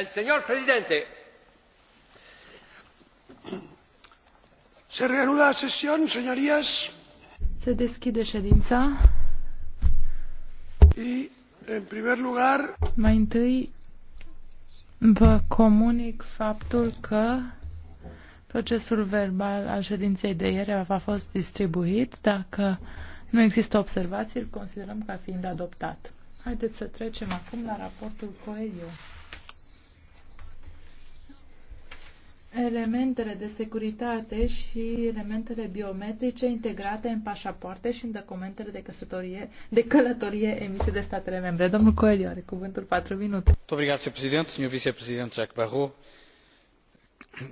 El señor presidente. Se reanuda sesión, señorías. Se deschide ședința. Y, en primer lugar... Mai întâi vă comunic faptul că procesul verbal al ședinței de ieri a fost distribuit. Dacă nu există observații, îl considerăm ca fiind adoptat. Haideți să trecem acum la raportul Coelho. elementele de securitate și elementele biometrice integrate în pașapoarte și în documentele de căsătorie, de călătorie emise de statele membre. Domnul Coelho are cuvântul 4 minute. Mulțumesc, Sr. domnul vicepreședinte Jacques Barrot.